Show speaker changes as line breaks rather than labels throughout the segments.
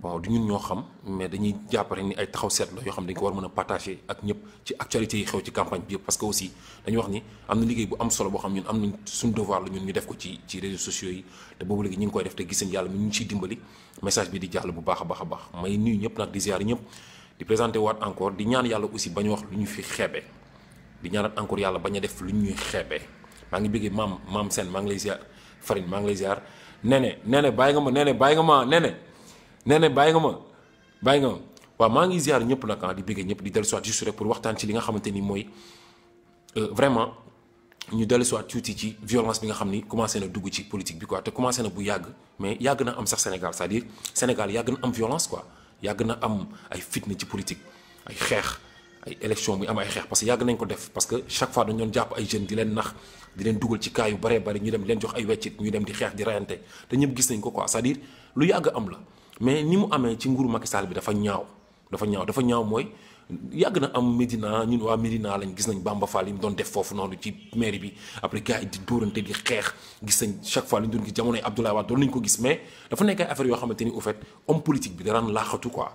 bon du ñun ñoo xam mais dañuy jàppare ni ay taxaw set la yo xam dañ ko war mëna partager ak ñëpp ci actualité yi xew ci campagne bi parce que aussi dañu wax ni amna na liggéey bu am solo bo xam ñun am nañ suñu devoir la ñun ñu def ko ci ci réseaux sociaux yi te bobu léegi ñing koy def te gis yalla yàlla ñu ci dimbali message bi di jàll bu baax a baax may nuyu ñëpp nak di ziar ñëpp di présenter waat encore di ñaan yalla aussi bañ wax lu ñu fi xébé di ñaanat encore yalla baña def lu ñuy xeebe maa ngi bëggé mam mam sen ma ngi lay ziar Farine ma ngi lay ziar Nene Nene bàyyi nga ma Nene bàyyi nga ma Nene nee ne bàyyi nga ma bàyyi nga ma waaw maa ngi ziar ñëpp nag ah, di bëgg ñëpp di dellu soit juste rek pour waxtaan ci li nga xamante ni mooy euh, vraiment ñu dellu soit tuuti ci violence bi nga xam ni commencé na dugg ci politique bi quoi te commencé na bu yàgg mais yàgg na am sax Sénégal c'est-à-dire Sénégal yàgg na am violence quoi yàgg na am ay fitna ci politique ay xeex. ay élection muy am ay xeex parce que yàgg nañ ko def parce que chaque fois dañu doon jàpp di leen nax di leen dugal ci yu bare bari ñu leen jox ay weccit ñu dem di xeex di rayante te ñëpp gis nañ ko quoi c'est-à-dire lu am la mais ni mu amee ci nguuru Macky Sall bi dafa ñaaw dafa ñaaw dafa ñaaw mooy yàgg na am Médina ñun waa Médina lañ gis nañ Bamba Fall yi mu doon def foofu noonu ci mairie bi après gars yi di dóorante di xeex gis nañ chaque fois liñ doon gis jamonoy Abdoulaye Wade doon nañ ko gis mais dafa nekk ay affaires yoo xamante ni au fait homme politique bi daraan laaxatu quoi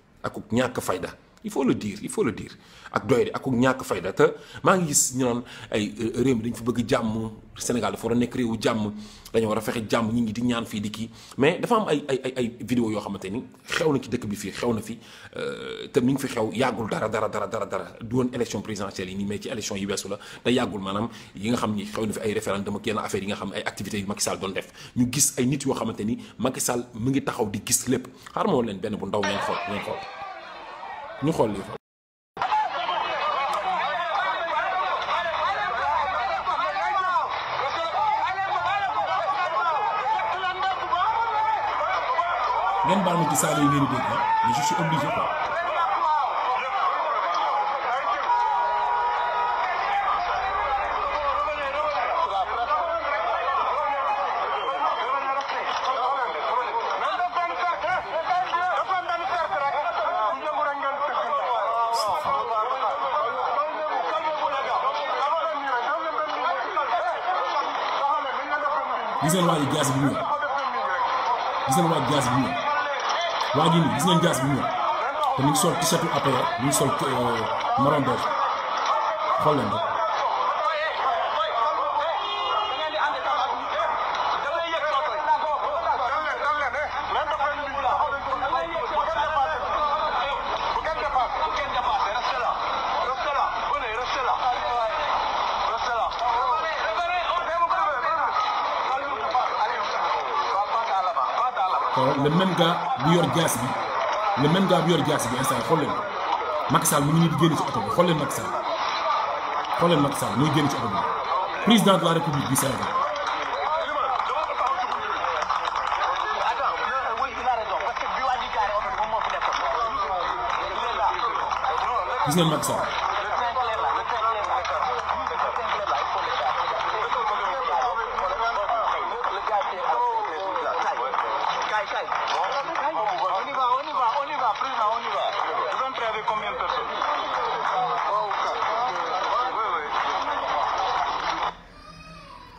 aku punya kefaedah. il faut le diir il faut le dire ak doy di ak ñàkk fayda te maa ngi gis ñu naan ay euh, réew mi dañ fa bëgg jàmm Sénégal dafa war a nekk réewu jàmm dañoo war jàmm ñi ngi di ñaan fii di kii mais dafa am ay ay ay vidéo yoo xamante ni xew na ci dëkk bi fii xew na fi euh, te mi ngi fi xew yàggul dara dara dara dara dara du woon élection présidentielle yi nii mais ci élection yi weesu la te yàggul maanaam yi nga xam ni xew na fi ay référendum ak yenn affaire yi nga xam ay yu Macky Sall doon def ñu gis ay nit yoo xamante ni Macky Sall mu ngi taxaw di gis lépp xaaral ma leen benn bu ndaw ngeen xool ngeen xool نخلي xool lii ngeen baal ma je suis obligé quoi gis ngeen waa ji gaz bi mu yor gis ngeen waa ji gaz bi mu yor waa ji nii bi mu yor te mu sol t-shirt APR mu ngi sol euh, marron beige xool leen même gars bu yor jaas bi le même gars bu yor jaas bi instant xool leen mu ngi nii di génn ci oto bi xool leen Macky Sall xool ci oto bi président la république du Sénégal. gis ngeen Macky Sall.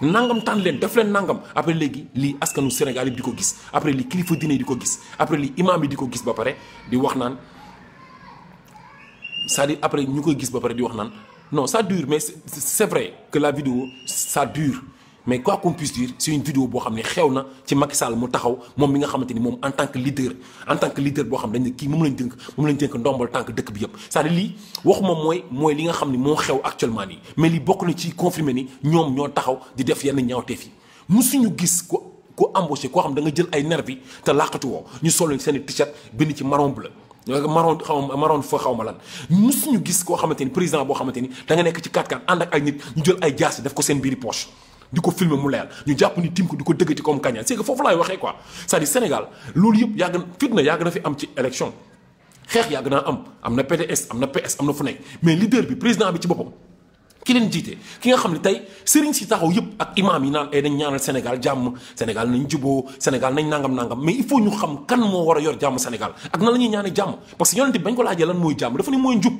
nangam tan len nangam après léegi li askanu Sénégal yi après li kilifa diine diko après li imam yi diko gis ba di wax nan après ñu gis ba di wax non ça dure mais c'est vrai que la vidéo ça dure mais quoi qu'on puisse dire c'est une vidéo bo xam xewna ci Macky Sall mu taxaw mom mi nga xamanteni mom en tant que leader en tant que leader boo xam ne dañ ne kii moom lañ dénk moom lañ dénk ndombal tank dëkk bi yëpp c'est-à-dire lii waxuma moy mooy li nga xam mo xew actuellement ni mais li bokku na ci confirmer ni ñom ñoo taxaw di def yenn ñaawteef yi musuñu gis ko ko embauché ko xam da nga jël ay nerf bi te laqatu wo ñu solo seen i t-shirt bind ci marron bleu maron xaw maron fo xaw ma lan musuñu gis koo xamante ni président bo xamanteni da nga nek ci 4-4 ànd ak ay nit ñu jël ay jass def ko seen biiri poche di ko filmer mu leer ñu jàpp ni tim ko di ko dëggati comme kaña c'est que foofu laay waxee quoi cest à Sénégal loolu yëpp yàgg na fitna yàgg na fi am ci élection xeex yàgg naa am am na PDS am na PS am na fu nekk mais leader bi président bi ci boppam ki leen jiite ki nga xam ne tey sëriñ si taxaw yëpp ak imaam yi naan ay eh, nañ ñaanal Sénégal jàmm Sénégal nañ juboo Sénégal nañ nangam nangam mais il faut ñu xam kan moo war a yor jàmm Sénégal ak na la ñuy ñaanee jàmm parce que yonent bi bañ ko laajee lan mooy jàmm dafa ne mooy njub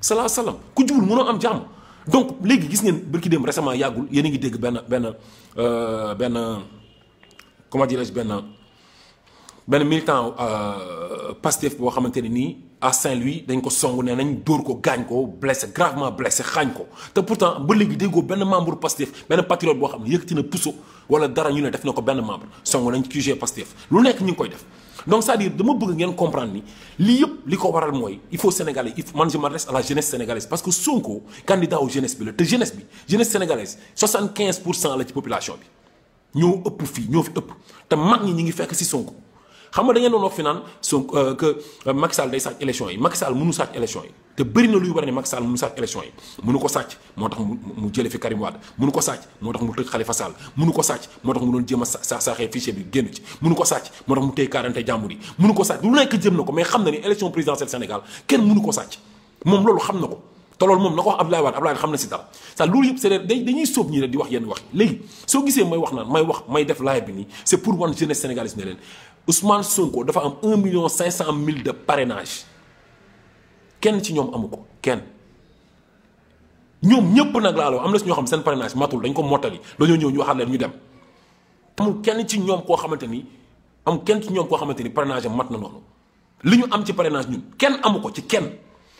salaa salaam ku jubul mënoo am jàmm donc légui gis ngeen barki dem récemment yagul, yéen a ngi ben ben, benn euh, benn comment dirais-je ben benn militant euh, Pastef bo xamante ni à Saint-Louis dañ ko songu nee nañ dóor ko gañ ko blessé gravement blessé xaañ ko te pourtant ba léegi déggoo ben membre Pastef ben patriote bo xam ne na pousso wala dara ñu ne def nako ben membre songu nañ QG Pastef lu nekk ñu ngi koy def donc ça veut dire pour que ngeen comprendre ni lii yëpp li ko waral il faut sénégalais il faut man je m'adresse à la jeunesse sénégalaise parce que Sonko candidat au jeunesse bi la jeunesse bi jeunesse sénégalaise 75 de la ci population bi sommes ëpp nous sommes fi et te mag ñi ñi fekk si Sonko xam nga da ngeen doon fi nan son euh, que euh, Macky Sall day sàcc élection yi Macky Sall mënu sàcc élection yi te bëri na luy war ne Macky Sall mënu sàcc élection yi mënu ko sàcc motax mu jële fi Karim Wade mënu ko sàcc motax mu tëj Khalifa Sall mënu ko sàcc motax mu don jéem a sa saaxee fichier bi génn ci mënu ko sàcc motax mu tey 40 jàmbur yi mënu ko sàcc lu nekk jëm nako mais xam na ni élection présidentielle Sénégal kenn mënu ko sàcc mom loolu xam nako ko te mom nako wax Abdoulaye Wade Abdoulaye xam na ci dara sa loolu yëpp c'est dañuy sóob ñi rek di wax yenn wax léegi so gisee may wax nan may wax may def live bi ni c'est pour wan jeunesse sénégalaise ne Ousmane Sonko dafa am un million cinq cent mille de parrainage kenn ci ñoom amu ko kenn ñoom ñëpp nag laa am na si ñoo xam seen parrainage matul dañ ko mottali dañoo ñëw ñu waxaat leen ñu dem amul kenn ci ñoom koo xamante ni am kenn ci ñoom koo xamante ni parrainage am mat na noonu li ñu am ci parrainage ñun kenn amu ko ci kenn.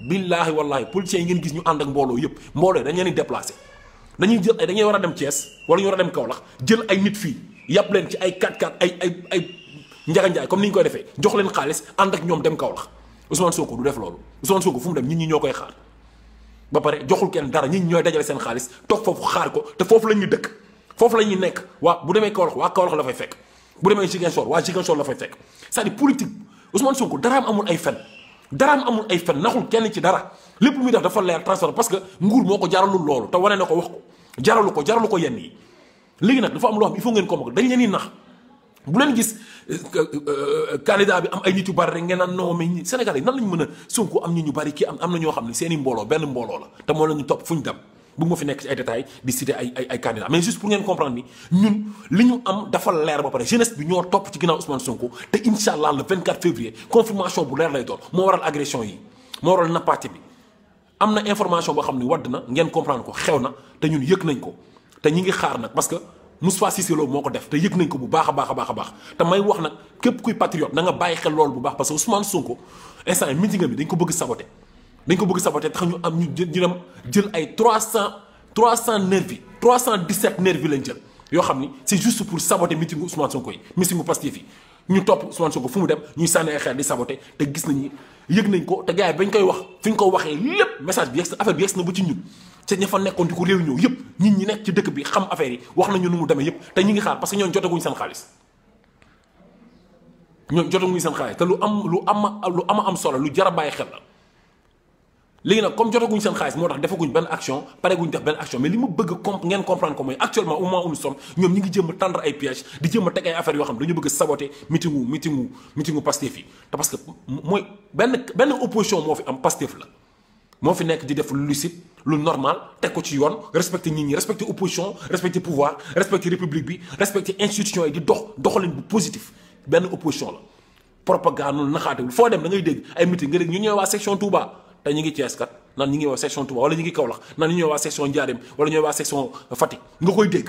billaahi wallaahi policiers yi ngeen gis ñu ànd ak mbooloo yëpp mbooloo dañu leen di déplacé dañuy jël ay dañuy war a dem Thiès wala ñu war a dem Kaolack jël ay nit fii yàpp leen ci ay 4 x ay ay ay njaganjaay comme ni ñu koy defee jox leen xaalis ànd ak ñoom dem Kaolack Ousmane Sonko du def loolu Ousmane Sonko fu mu dem nit ñi ñoo koy xaar ba pare joxul kenn dara nit ñi ñooy dajale seen xaalis toog foofu xaar ko te foofu la ñuy dëkk foofu la ñuy nekk waa bu demee Kaolack waa Kaolack la fay fekk bu demee Ziguinchor waa Ziguinchor la fay fekk c'est-à-dire politique Ousmane amul ay fen daraam amul ay fen naxul kenn ci dara lépp lu muy def dafa leer transparent parce que nguur moo ko jaralu loolu te wane na ko wax ko jaralu ko jaralu ko yenn yi léegi nag dafa am loo xam il faut ngeen ko mag dañ leen di nax bu leen gis euh, euh, candidat bi am ay nit yu bari naan non mais Sénégal yi nan lañ mën a Sonko am ñu ñu bari kii am am na ñoo xam ne seen i mbooloo benn mbooloo la te moo la ñu topp fu ñu dem bëgg ma fi nekk ci ay détails di citer ay ay ay candidats mais juste pour ngeen comprendre ni ñun li ñu am dafa leer ba pare jeunesse bi ñoo topp ci ginnaaw Ousmane Sonko te inshallah le 24 février confirmation bu leer lay Moral waral agression yi Moral waral pas bi Amna information boo xam ne wadd na ngeen comprendre ko xew na te ñun yëg nañ ko te ñi ngi xaar parce que Moussa Cissé Lo Moko def te yëg nañ ko bu baax a baax a baax a may wax nag képp kuy patriote na nga bàyyi xel loolu bu baax parce que Ousmane Sonko instant meeting bi dañ ko bëgg saboter dañ ko bëgg saboté tax ñu am ñu jël jël ay 300 300 trois cent nervi trois nervi lañ jël yo xamni c'est juste pour saboter meeting Ousmane Sonko yi meeting Pastef yi ñu top Ousmane Sonko fu mu dem ñuy sané xel di saboté te gis nañ nañu yëg nañ ko te gaay bañ koy wax fi ko waxé lépp message bi yegg affaire bi yegg na bu ci ñun te ñafa nekkon nekkoon di ko réunion yëpp nit ñi nekk ci dëkk bi xam affaire yi wax nañu nu mu démé yëpp te ñi ngi xaar parce que ñoom jotaguñu seen xaalis ñoom jotaguñu seen xaalis te lu am lu am lu am am solo lu jar a xel la léegi nag comme jotaguñ seen xaalis moo tax defaguñ benn action pareguñ def benn action mais li ma bëgg comp comprendre ko mooy actuellement au moment où nous sommes nous ñi ngi jëm a tendre ay pièges di jëm a ay affaires Nous xam dañu bëgg saboter meeting wu meeting wu meeting wu Pastef parce que mooy benn benn opposition moo fi am Pastef la moo fi nekk di def lucide lu normal teg ko ci yoon respecter nit ñi respecter opposition respecter pouvoir respecter république bi respecter institution yi di dox doxalin bu positif benn opposition la propagande naxaatewul foo dem da ngay dégg ay meeting nga dégg ñu ñëw waa section Touba tey ñu ngi Thiès kat naan ñu ngi waa section Touba wala ñu ngi Kaolack naan ñu ñëw waa section Ndiarème wala ñooy waa section Fatick nga koy dégg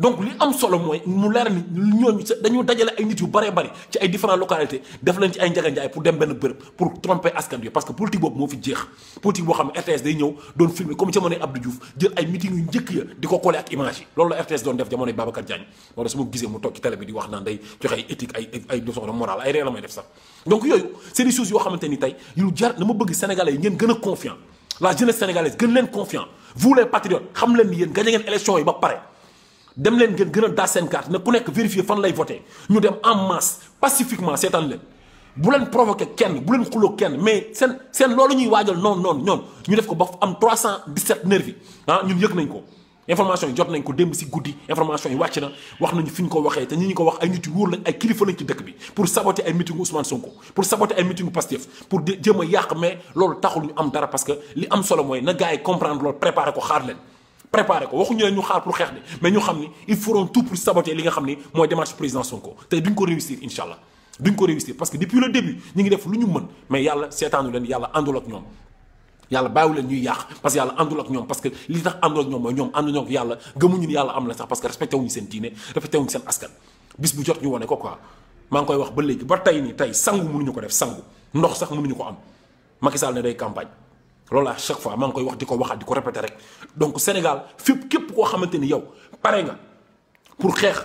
donc li am solo moy mu leer ni ñooñu dañu dajale ay nit yu bari bari ci ay différentes localités def leen ci ay njaganjaay pour dem ben bërëb pour tromper askan wi parce que politique bobu mo fi jeex politique bo xam RTS day ñew doon filmer comme ci jamonoy Abdou Diouf jël ay meeting yu njëkk ya diko collé ak image loolu la RTS doon def jamonoy Babacar Diagne wala su ma gisee mu toog ci télé bi di wax naan day joxe ay éthique ay ay leçon de morale ay réer la def sax donc yooyu c'est des choses yo xamanteni tay yu jar dama bëgg sénégalais yi ngeen gën confiant la jeunesse sénégalaise gën leen confiant vous les patriotes xam leen ni yéen gañ ngeen élection yi ba paré dem len ngeen carte ne ku vérifier fan lay voter ñu dem en masse pacifiquement seetaan len bu len provoquer kenn bu len xulo kenn mais sen sen lolu ñuy nous non ñoon ñu def ko am 317 nervi ah, ñun yek nañ ko information jot nañ ko dem ci goudi information yi wacc na wax nañu fi ko waxee te ñi ko wax ay nit yu wóor lañ ay kilifa lañ ci dëkk bi pour saboter ay meeting Ousmane Sonko pour saboter ay meeting Pastef pour mais taxul ñu am parce que li am solo que na comprendre loolu préparer ko xaar préparé ko waxuñu dit ñu xaar pour xex mais ñu ils feront tout pour saboter li nga xamni démarche président Sonko duñ ko réussir inshallah, duñ ko parce que depuis le début ñi ngi def lu ñu mën mais yalla sétanu leen yalla ak ñom yalla parce que yalla ak ñom parce que li tax ak ñom am la sax parce que respecté wuñu seen respecté wuñu seen askan bis bu jot ñu ko quoi ma ngi koy wax ba légui ba tay ni tay sangu ñu ko def sangu ndox sax ko am campagne chaque fois maa koy wax donc Sénégal qui pour xeex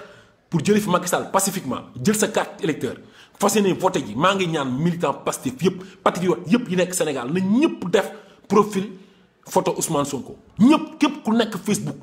pour jëlee fi Macky pacifiquement jël sa carte électeur fas yéene voté ji militant pastif, yi Sénégal na def profil photo Ousmane Sonko ñëpp ku Facebook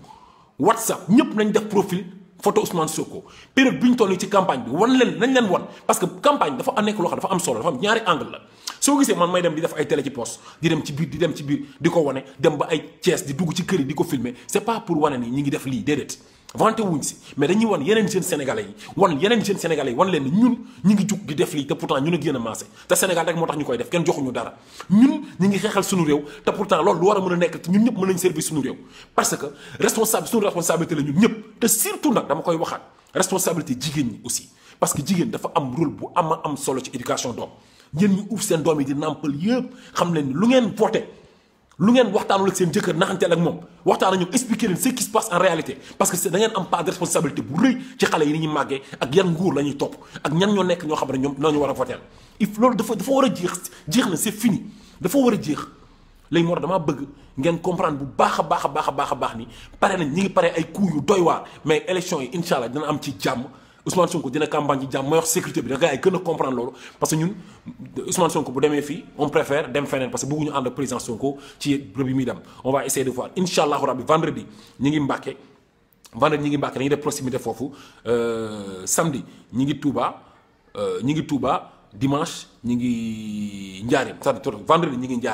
WhatsApp ñëpp profil. photo Ousmane Sonko période bi ñu toll ci campagne bi wan leen nañ leen wan parce que campagne dafa nekk loo xam dafa am solo dafa am ñaari angle la soo gisee man may dem di def ay télé ci poste di dem ci biir di dem ci biir di ko wane dem ba ay Thiès di dugg ci kër yi di ko filmer c'est pas pour wane ni ñi ngi def lii déedéet wante wuñ si mais dañuy wan yeneen jeunes sénégalais yi wan yeneen jeunes sénégalais yi wan leen ni ñun ñu ngi jug di def lii te pourtant ñun a gën a maase te Sénégal rek moo tax ñu koy def kenn joxuñu dara ñun ñu ngi xeexal suñu réew te pourtant loolu lu war a mën a nekk ñun ñëpp mën nañ service suñu réew parce que responsable suñu responsabilité la ñun ñëpp te surtout nag dama koy waxaat responsabilité jigéen ñi aussi parce que jigéen dafa am rôle bu ama am solo ci éducation doom ñu uuf seen doom yi di nàmpal yëpp xam leen lu ngeen voté lu ngeen waxtaanul ak seen jëkkër naxanteel ak moom waxtaan ak ñoom expliquer leen ce qui se passe en réalité parce que da ngeen am part de responsabilité bu rëy ci xale yi ni ñuy màggee ak yan nguur la ñuy topp ak ñan ñoo nekk ñoo xam ne ñoom la ñu war a voteel if loolu dafa dafa war a jeex jeex na c'est fini dafa war a jeex léegi moo tax damaa bëgg ngeen comprendre bu baax a baax a baax a baax a baax ni pare nañ ñi ngi pare ay coups yu doy waa mais élection yi incha allah am ci jàmm Ousmane Sonko dina campagne ci jàmm wax sécurité bi da gars yi comprendre lolu parce que ñun Ousmane Sonko bu démé fi on préfère dem fenen parce que bëgguñu ànd ak président Sonko ci bërëb yi dem on va essayer de voir inshallah allahu rabbi vendredi ñi ngi Mbàkke vendredi ñi ngi Mbàkke dañu def proximité fofu euh samedi ñi ngi Touba euh ñi ngi Touba dimanche ñi ngi Njaareem cest vendredi ñi ngi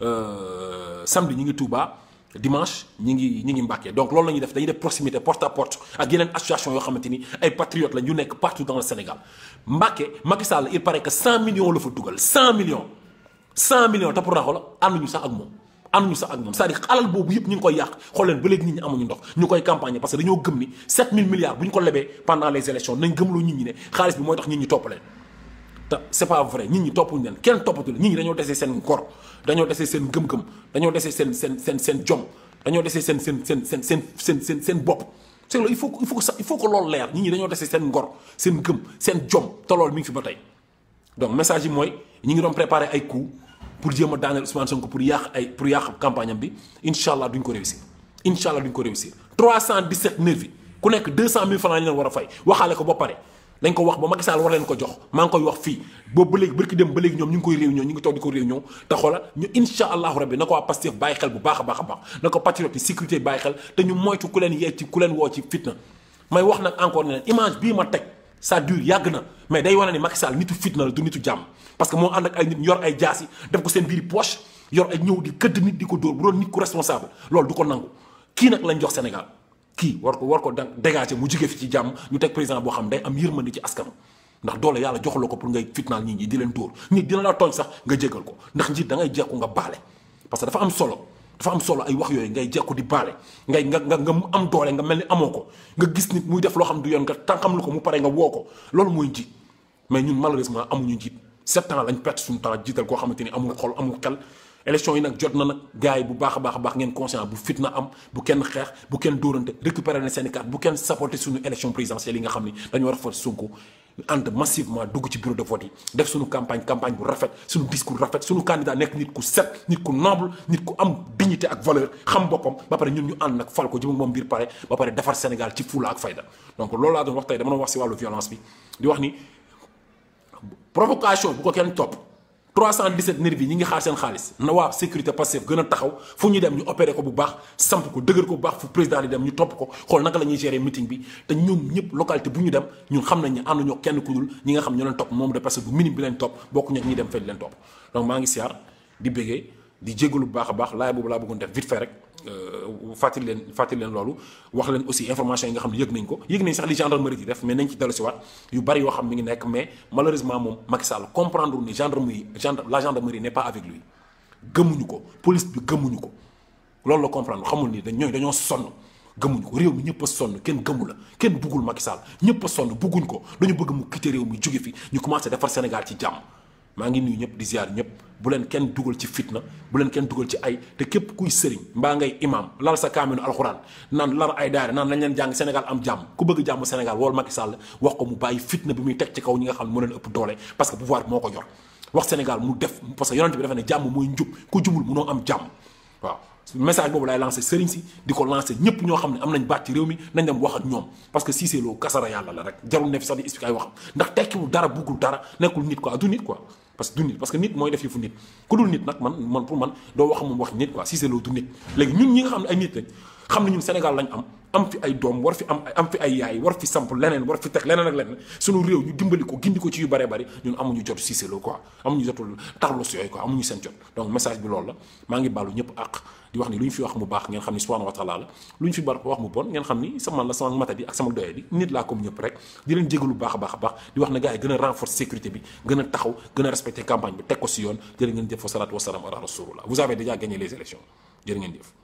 euh samedi ñi ngi Touba dimanche ñi ngi ñi ngi Mbàkke donc loolu lañu def dañuy def proximité porte à porte ak yeneen association yo xamanteni ay patriotes la ñu nekk partout dans le Sénégal mbacké Macky Sall il paraît que 100 millions la fa dugal 100 millions 100 millions ta te pourtant xoolal ànduñu sax ak moom ànduñu sax ak mom c'est-à-dire alal bobu yëpp ñi ngi koy yàq xool leen ba léegi nit ñi amuñu ndox ñu koy campagne parce que dañoo gëm ni 7000 milliards buñ ko lebee pendant les élections nañ gëmloo nit ñi né xaalis bi mooy tax nit ñi topp leen c'est pas vrai nit ñi toppuñu leen kenn topatu nit ñi dañoo déssé sen corps dañoo dese seen gëm-gëm dañoo dese seen seen seen seen jom dañoo dese seen seen seen seen seen seen seen seen bopp c'est il faut il faut que il faut que loolu leer nit ñi dañoo dese seen ngor seen gëm seen jom te loolu mi ngi fi ba tey donc message yi mooy ñi ngi doon préparer ay coup pour jéem a daaneel Ousmane Sonko pour yàq ay pour yàq campagne am bi incha allah duñ ko réussir incha allah duñ ko réussir 317 nervi ku nekk 200000 francs lañ leen war a fay waxaale ko ba pare. nañ ko wax ba Macky Sall war leen ko jox maa ngi koy wax fii boobu ba léegi dem ba ñoom ñu ngi koy réunion ñu ngi toog di ko réunion te xoola ñu insha allahu rabbi na ko waa Pastef bàyyi xel bu baax a baax a baax na ko patriote yi sécurité bàyyi xel te ñu moytu ku leen yee ci ku leen woo ci fitna may wax nag encore ne image bii ma teg ça dure yàgg na mais day wane ni Macky Sall nitu fitna la du nitu jàmm parce que moo ànd ak ay nit yor ay jaasi def ko seen di këdd nit di ko dóor loolu du ko nangu kii nag lañ jox Sénégal kii war ko war ko dégager mu jige fi ci jàmm ñu teg président boo xam day am yërmande ci askanu ndax doole yàlla jox la ko pour ngay fitnaal nit ñi di leen dóor nit dina la tooñ sax nga jégal ko ndax njiit dangay ngay jekku nga baale parce que dafa am solo dafa am solo ay wax yooyu ngay jekku di baale ngay nga nga nga am doole nga mel ni amoo ko nga gis nit muy def loo xam du yoon nga tànqam lu ko mu pare nga woo ko loolu mooy njiit mais ñun malheureusement amuñu njiit sept ans lañ perte suñu temps jiital koo xamante ni amul xol amul xel élection yi nag jot na nag gars bu baax a baax ngeen conscient bu fitna am bu kenn xeex bu kenn dorante récupérer na seen bu kenn supporter suñu élection présidentielle yi nga xamni dañu war a far Sonko massivement dugg ci bureau de vote yi def suñu campagne campagne bu rafet suñu discours rafet suñu candidat nek nit ku set nit ku noble nit ku am dignité ak valeur xam boppam ba paré ñun ñu and nak fal ko jëm moom bir paré ba paré défar Sénégal ci fulla ak fayda donc loolu la doon wax tay dama doon wax ci walu violence bi di wax ni provocation bu ko kenn top 317 nervi ñi ngi xaar seen xaalis na waa sécurité Pastef gën a taxaw fu ñu dem ñu opéré ko bu baax samp ko dëgër ko bu baax fu président di dem ñu topp ko xool naka la ñuy meeting bi te ñoom ñëpp localité bu ñu dem ñun xam nañ ne am nañoo kenn ku dul ñi nga xam ñoo leen topp moom de personne bu minime bi leen topp bokkuñu ak ñi dem fay leen topp donc maa ngi siyaar di bégee di jégalu baax a baax laay boobu laa bëggoon def vite Euh, fàttali leen fàttali leen aussi information yi nga xam ne yëg nañ ko yëg nañ sax li gendarmerie malheureusement Macky Sall comprendre ni la gendarmerie n'est pas avec lui ko police bi ko la comprendre xamul ni dañ son. ne sonn pas ko réew mi ñëpp sonn kenn gëmu la kenn Macky Sall sonn ko dañu bëgg mu quitter Sénégal maa ngi nii ñëpp di ziar ñëpp bu leen kenn dugal ci fitna bu leen kenn dugal ci ay te képp kuy sëriñ mbaa ngay imam lal sa kaaminu alxuraan naan lar ay daara naan lañ leen jàng Sénégal am jàmm ku bëgg jàmm Sénégal wool Macky Sall wax ko mu bàyyi fitna bi muy teg ci kaw ñi nga xam ne moo leen ëpp doole parce que pouvoir moo ko yor wax Sénégal mu def parce que yonent bi dafa ne jàmm mooy njub ku jubul munoo am jàmm waaw message boobu laay lancé sëriñ si di ko lancé ñëpp ñoo xam ne am nañ baat ci réew mi nañ dem que Cissé Lo kasara yàlla la rek jarul ne fi sax di expliqué nit quoi du parce que parce que nit moy def yëfu nit ku dul nit nag man man pour man do wax mom wax nit quoi si c'est lo du nit léegi ñun ñi nga xam ay nit rek xam ne ñun Sénégal lañ am am fi ay doom war fi am am fi ay yaay war fi samp leneen war fi teg leneen ak leneen suñu réew ñu dimbali ko gindi ko ci yu bëree bari ñun amuñu jot Cissé Lo quoi amuñu jotul Carlos yooyu quoi amuñu sen jot donc message bi lool la ma ngi balu ñep ak di wax ni luñ fi wax mu baax ngeen xamni subhanahu wa taala luñ fi bar wax mu bon ngeen xamni sama la sama matadi ak sama doye di nit la ko ñep rek di leen jégalu baax a baax baax di wax na gaay gëna renforcer sécurité bi gëna taxaw gëna respecter campagne bi tek ko ci yoon jërë ngeen def wa salaatu wa salaam ala rasulullah vous avez déjà gagné les élections jërë ngeen def